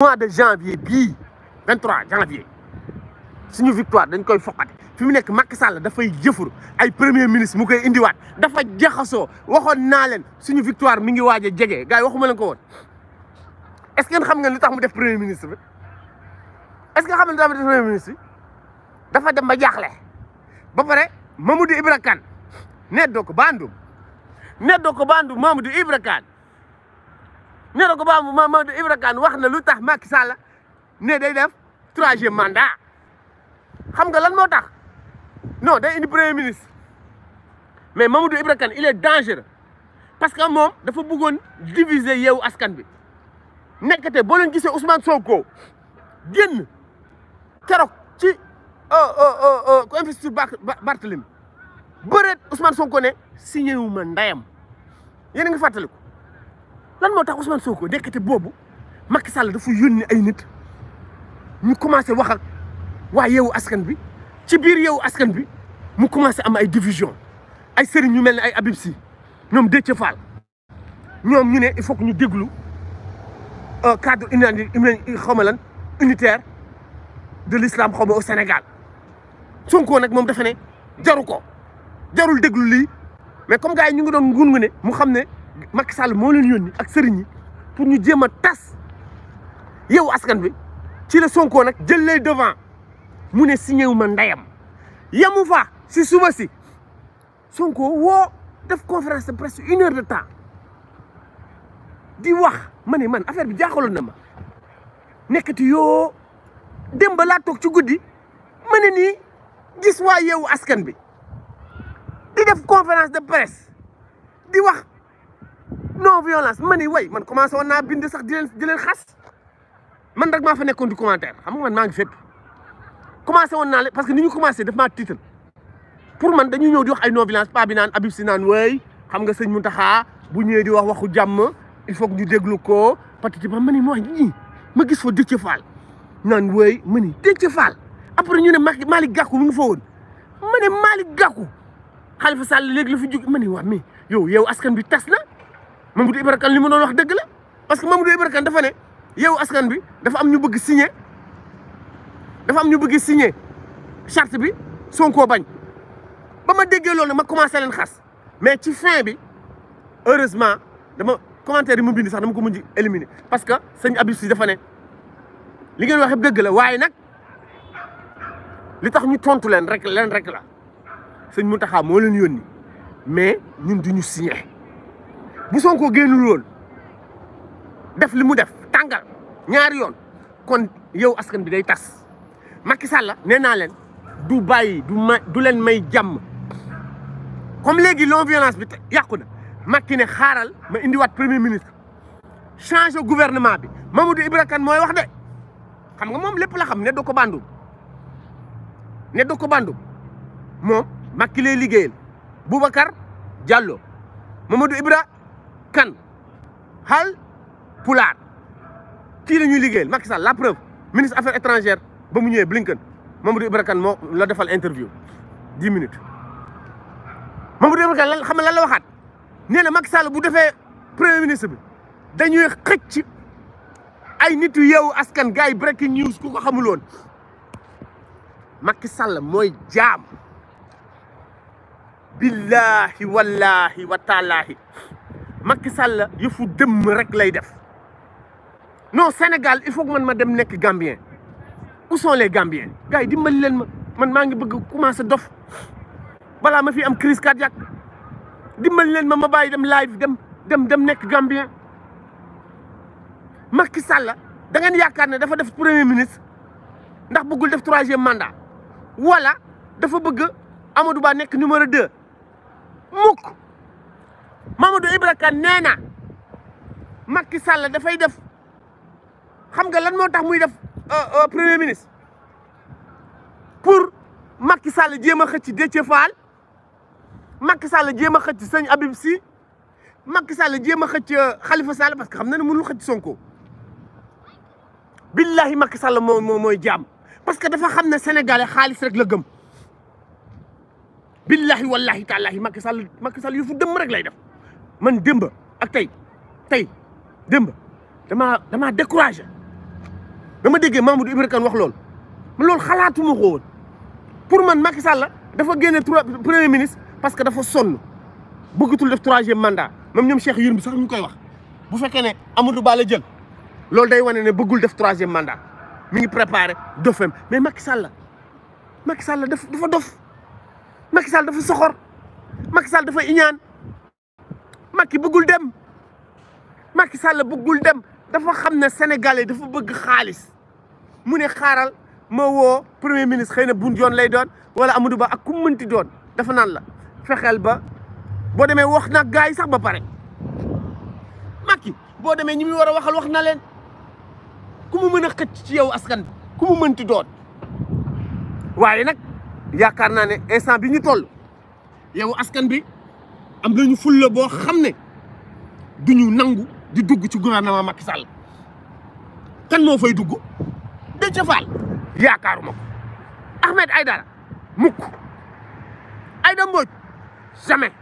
mois de janvier bi 23 janvier suñu victoire dañ koy foqate fi mu nek Macky Sall da fay jëfur ay premier ministre mu koy indi wat da fa jaxaso waxon na len suñu victoire mi ngi waja djégé jege waxuma len ko won est ce que xam nga lutax mu def premier ministre est ce que xam nga li def premier ministre da fa dem ba jaxlé ba paré Mamadou Ibra Kane neddoo ko Bandoum neddoo ko Bandoum Mamadou Ibra nee na ko baamu Mamadou Ibra Kane wax na lu tax Macky Sall ne day def troisième mandat xam nga lan moo tax no day indi premier ministre mais Mamadou Ibra Kane il est parce que moom dafa bëggoon diviser yeewu askan bi nekkate boo leen gisee Ousmane Sonko génn keroog ci euh, euh, euh, ko investiture Barthélémy bëreet Ousmane ko ne signé wu ma ndayam yéen ngi fàttaliku lan moo tax Ousmane ko dekkate boobu Macky Sall dafa yónni ay nit ñu commencé wax ak waa yeewu askan bi ci biir yeewu askan bi mu commencé am ay division ay sëriñ ñu mel ne ay Habib Sy ñoom Déthié Fall ñoom ñu ne il faut ñu déglu euh, cadre uni xaw ma lan unitaire de l'islam xaw ma au Sénégal Sonko nag moom defe ne jaru ko jarul déglu lii mais comme gars yi ñu ngi doon ngun ne mu xam ne. Macky Sall mo leen yoni ak serigne pour ñu jema tass tas yow askan bi ci le Sonko nak jël lay devant mu ne signé wu ma ndayam yamu fa si suba si Sonko wo def conférence de presse une heure de temps di wax mané man affaire bi jaxalon na ma nekati yo dem ba laa toog ci goudi mané ni gis wa yow askan bi di def conférence de presse di wax non violence ma ni way man commencé woon naa bind sax di leen man rek maa fa nekkoon di commentaire xam nga man maa ngi fépp commencé woon naa parce que ni ñu commencé daf maa tiital pour man dañuy ñëw di wax ay non violence pa bi naan Habib si naan way xam nga sañ sëñ Mountakha bu ñëwee di wax waxu jàmm il faut que ñu déglu ko patati ba ma ni mooy ñii ma gis fa Déthié Fall naan wooy ma ni Déthié Fall après ñu ne Malick Gakou mu ngi fa woon ma ne Malick Gakou Khalifa Sall léegi la fi jóg ni waa mais yow yow askan bi tas na Mamadou Ibra limu non wax deug la parce que Mamadou Ibra dafa ne yow askan bi dafa am ñu bëgg signer dafa am ñu bëgg signer charte bi Sonko bañ ba ma déggee ma commencé len xass mais ci fin bi heureusement dama commentaire yi ma bind sax dama ko mujj éliminer parce que sëñ Abib Si dafa ne li ngeen wax deug la waye nak li tax ñu tontu len rek len rek la sëñ Mountakha mo len yoni mais ñun duñu signer bu Sonko gennul won def limu def tangal ñaar yoon kon yow askan bi day tass Macky Sall neena len du bàyyi du du may jam comme legui non violence bi yakuna Macky ne xaaral ma wat premier ministre changé gouvernement bi Mamadou Ibra moy wax de xam nga mom lepp la xam ne doo ko bandum ne doo ko bandum Macky lay liggéeyal Boubacar Diallo Mamadou Ibra kan hal pulaar kii la ñuy liggéeyal Macky Sall la preuve ministre affaires étrangères ba mu ñëwee Blinken Mamadou Ibra Kane moo la defal interview dix minutes Mamadou Ibra Kane lan xam lan la waxaat nee na Macky Sall bu defee premier ministre bi dañuy xëcc ay nit yu yeewu askan gars yi breaking news ku ko xamuloon Macky Sall mooy jaam billaahi wallaahi wa taalaahi Macky Sall yëfu dëmm rek lay def non Sénégal il faut que man ma dem nek Gambien où sont les Gambiens gars yi dimbali leen ma man maa ngi bëgg commencer dof balaa ma fi am crise cardiaque dimbali leen ma ma baye dem live dem dem dem nek Gambien Macky Sall da ngeen yaakaar dafa def premier ministre ndax bëggul def 3e mandat wala dafa bëgg Amadou Ba nek numéro 2 mukk Mamadou Ibra Kane nee na Macky Sall dafay def xam nga lan moo tax muy def premier ministre pour Macky Sall jéem a xëcc Déthié Fall Macky Sall jéem a xëcc sëñ Habib Sy Macky Sall jéem a xëcc Khalifa Sall parce que xam na ne mënul xëcc Sonko billahi Macky Sall moo moo mooy jaam parce que dafa xam ne sénégalais xaalis rek la gëm billahi wallahi tàllahi Macky Sall Macky Sall yu fu dëmm rek lay def man démb ak tey tey démb damaa damaa découragé dama déggee Mamadou Ibra kan wax loolu man loolu xalaatuma ko pour man Macky Sall dafa génne trois premier ministre parce que dafa sonn bëggatul def troisième mandaa même ñoom Cheikh Yérim soo sax koy wax bu fekkee ne Amadou Ba la jël loolu day wane ne bëggul def troisième mandat mi ngi préparé dofem mais Macky la Macky Sall dafa dafa dof Macky Sall dafa soxor dafa iñaan Macky bëggul dem Macky Sall bëggul dem dafa xam ne sénégalais dafa bëgg xaalis mu ne xaaral ma woo premier ministre xëy na bun yoon lay doon wala Amadou Ba ak ku mënti doon dafa naan la fexeel ba boo demee wax na gars yi sax ba pare Macky boo demee ñi muy war a waxal wax na leen ku mu mën a xëcc ci yow askan bi ku mu mënti doon waaye nag yaakaar naa ne instant bi ñu toll yow askan bi am nañu fulle bo xamné ne du nangu di dugg ci gouvernement Macky Sall kan moo fay dugg sommes tous les Deux Ahmed sommes mukk les deux. jamais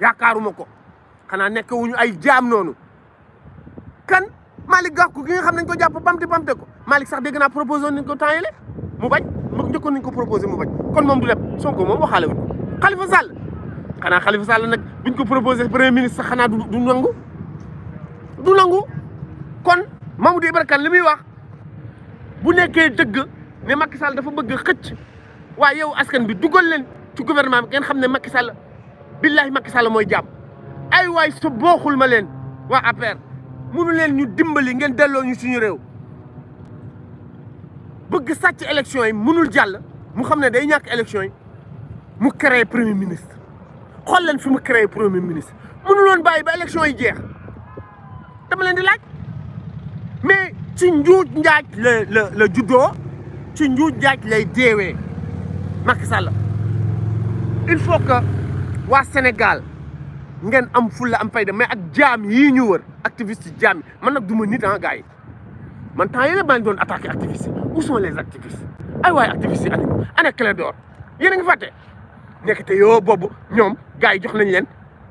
sommes ko les deux. wuñu ay tous nonu kan Nous sommes gi nga xam nañ ko tous les deux. ko sommes sax les na proposé sommes ko les deux. mu bañ mu ñëkko ni ko sommes mu bañ kon Nous du tous Sonko mom waxale wuñ Khalifa Sall xanaa Khalifa Sall nag buñ ko proposé premier ministre sax xanaa du du nangu du nangu kon Mamadou Ibra Kane li muy wax bu nekkee dëgg ne Macky Sall dafa bëgg xëcc waaye yow askan bi dugal leen ci gouvernement bi ngeen xam ne Macky Sall billahi Macky Sall mooy jàmm ay waay sa booxul ma leen waa APR munu leen ñu dimbali ngeen delloo ñu suñu réew bëgg sàcc élection yi munul jàll mu xam ne day ñàkk élection yi mu créé premier ministre xool leen fi mu créé premier ministre mënu loon bàyyi ba élection yi jeex dama leen di laaj mais ci njuuj njaaj le, le, la juddoo ci njuuj njaaj lay deewee Macky Sall il faut que waa Sénégal ngeen am fulla am fayda mais ak jaam yi ñu wër activiste yi man nak duma nit ah gars yi man tan yële maa ngi doon attaquer activiste où sont les activistes ay way activistes ané ani ana Clédor yéen a ngi nekkite yoo boobu ñoom gars jox nañ leen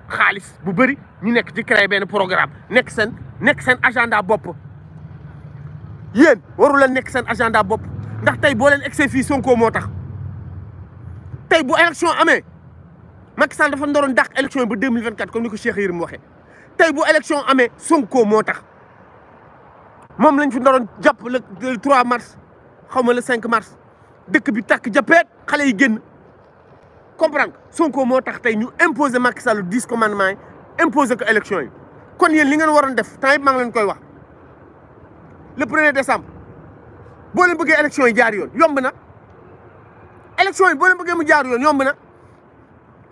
xaalis bu beuri ñu nek ci créer ben programme nek sen nek sen agenda bop yéen waru la nek sen agenda bop ndax tay bo len excès fi Sonko moo tax tey bu élection amé Macky Sall dafa ndoron dàq élection bu 2024 comme ni ko Cheikh yirim waxé tay bu élection amé Sonko moo tax moom lañ fi ndoron jàpp le 3 mars xawma le 5 mars dëkk bi tak jàppeet xale yi génn comprendre Sonko moo tax tey ñu imposer Macky Sall dix commandement yi imposer ko élection yi kon yéen li ngeen waroon def temps yëpp maa ngi leen koy wax le premier décembre boo leen bëggee élection yi jaar yoon yomb na. élection yi boo leen mu jaar yoon yomb na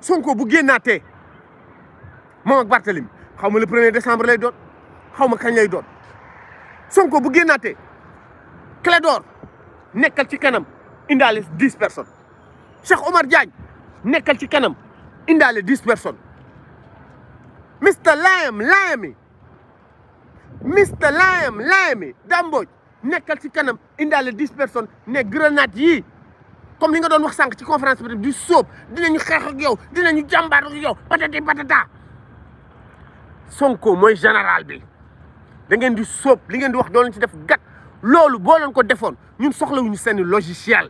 Sonko bu génnaatee moom ak Barthélémy xaw ma le premier décembre lay doon xaw ma kañ lay doon Sonko bu génnaatee Clédor nekkal ci kanam indaale dix personnes Cheikh Omar Diagne. nekkal ci kanam 10 personnes mister Liam, Lame, mister Liam, laimi nekkal ci kanam a 10 personnes ne grenade comme li nga doon wax sank ci conférence du sóob dinañu xex ak yow dinañu jambar ak yow patati patata Sonko moy général bi da ngeen di sóob li ngeen di wax doon ci def gat loolu bo leen ko defoon ñun logiciel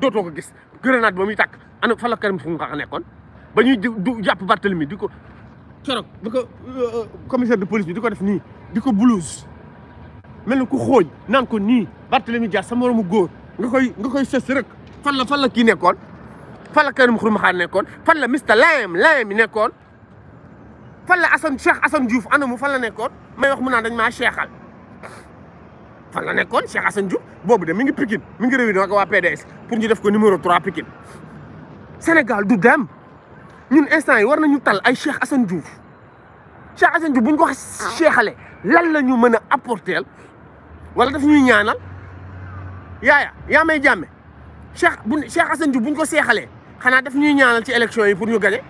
dootoo ko gis grenade moom muy tàkk ana fa la Karim Xrum-Xax nekkoon ba ñuy du jàpp Barthélemy di ko keroog di ko euh, commissaire de police bi di ko def nii di ko blouse mel ni ku xooñ naan ko nii Barthélemy Dias sa moromu góor nga koy nga koy sës rek fan la fan la kii nekkoon fan la Karim Xrum-Xax nekkoon fan la Mr Layem Layem yi nekkoon fan la Assane Cheikh Assane Diouf ana mu fan la nekkoon may wax mu naan dañ ma cheexal fan la nekkoon Cheikh Assane Diouf boobu dem mi ngi Pikine mi ngi réunion ak waa PDS pour ñu def ko numéro 3 Pikine Sénégal du dem ñun instant yi war nañu tal ay Cheikh Assane Diouf Cheikh Assane Diouf bu ñu ko waxee Cheikhale lan la ñu mën a apporter wala daf ñuy ñaanal yaaya yaa may jàmme Cheikh bu Cheikh Assane Diouf bu ñu ko seexalee xanaa def ñuy ñaanal ci élection yi pour ñu gagné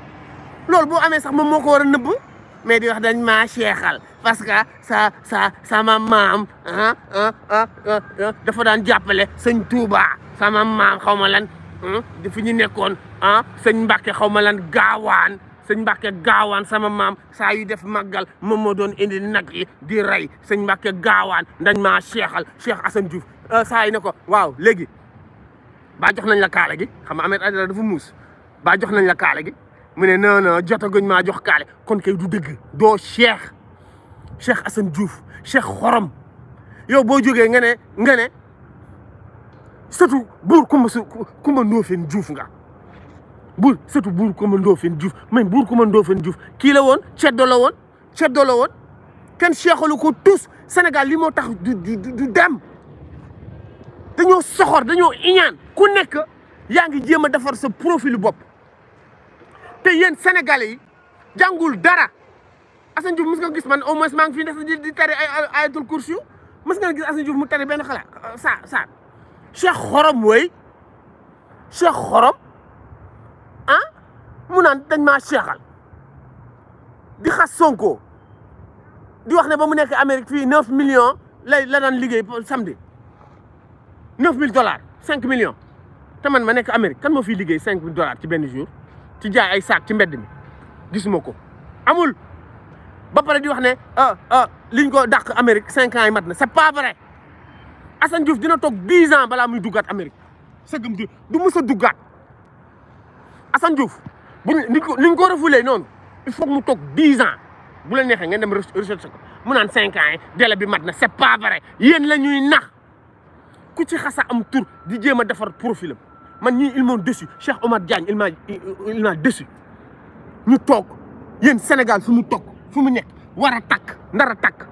loolu boo amee sax moom moo ko war a nëbb mais di wax dañ maa seexal parce que sa sa sama maam dafa daan jàppale sëñ Touba sama maam xaw ma lan fi ñu nekkoon ah sëñ Mbacke xaw ma lan gaawaan sëñ Mbacke gaawaan sama maam saa yu def màggal moom moo doon indi nag yi di rey sëñ Mbacke gaawaan dañ ma Cheikhal Cheikh Assane Diouf euh, saa yi ne ko waaw léegi baa jox nañ la kaala gi xam nga Ahmed Aïdara dafa muus baa jox nañ la kaala gi mu ne non non jotaguñ maa jox kaale kon kay du dëgg doo Cheikh. Cheikh Assane juuf Cheikh Xorom yow boo jógee nga ne nga ne surtout buur Kumba su Kumba Ndofène nga buur surtout buur Kumba Ndofène juuf mais buur Kumba Ndofène Diouf kii la woon ceddo la woon ceddo woon kenn seexalu ko tous senegal li moo tax du du du dem dañoo soxor dañoo iñaan ku nekk yaa ngi jéem a defar sa profil bopp te yéen sénégalais yi dara. Assane Diouf mos nga gis man au moins maa ngi fi def di tari ay ayatul kursi yu mos nga gis Assane Diouf mu tari benn xalaat euh, sa sa Cheikh Xorom wooy Cheikh Xorom ah mu naan dañ maa seexal di xas Sonko di wax ne ba mu nekk Amérique fii 9 millions la daan liggéey samedi 9000 dollars 5 million te man ma nekk Amérique kan ma fiy liggéey 5 dollars ci benn jour ci jaay ay saak ci mbedd mi gisuma ko ba pare di wax ne ah, ah, liñ ko dàq Amérique cinq ans yi mat na c'est pas vrai Assane dina toog dix ans balaa muy duggaat Amérique sëggam du mës a duggaat Assane Diouf buñ ni ko ni ko refulee noonu il faut mu toog dix ans bu la neexee ngeen dem recherche ko mu naan cinq ans yi délai bi mat na c'est pas vrai yéen la ñuy nax ku ci xasa am tur di jéem a defar profilam man ñi ils m'ont déçu Cheikh Omar Diagne il m'a il ñu toog yéen Sénégal fu mu toog. fu mu nekk war a takk ndara takk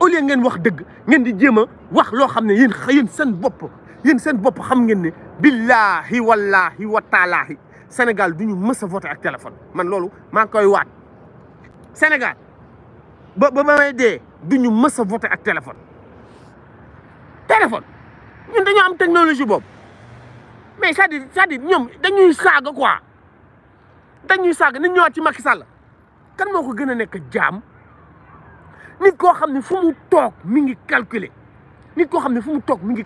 au lieu ngeen wax dëgg ngeen di jéem a wax loo xam ne yéen yéen seen bopp yéen seen bopp xam ngeen ne billaahi wallaahi wa taalaahi Sénégal du ñu mës a voté ak téléphone man loolu maa ngi koy waat senegal ba ba may dee du ñu mës a ak téléphone téléphone ñun dañoo am technologie boobu mais c'est-à-dire c'est-à-dire ñoom saaga quoi dañuy saaga nañ ñëwaat ci Macky Sall kan moo ko gën a nekk jaam nit koo xam ne fu mu toog mi ngi calculer nit koo xam ne fu mu toog mi ngi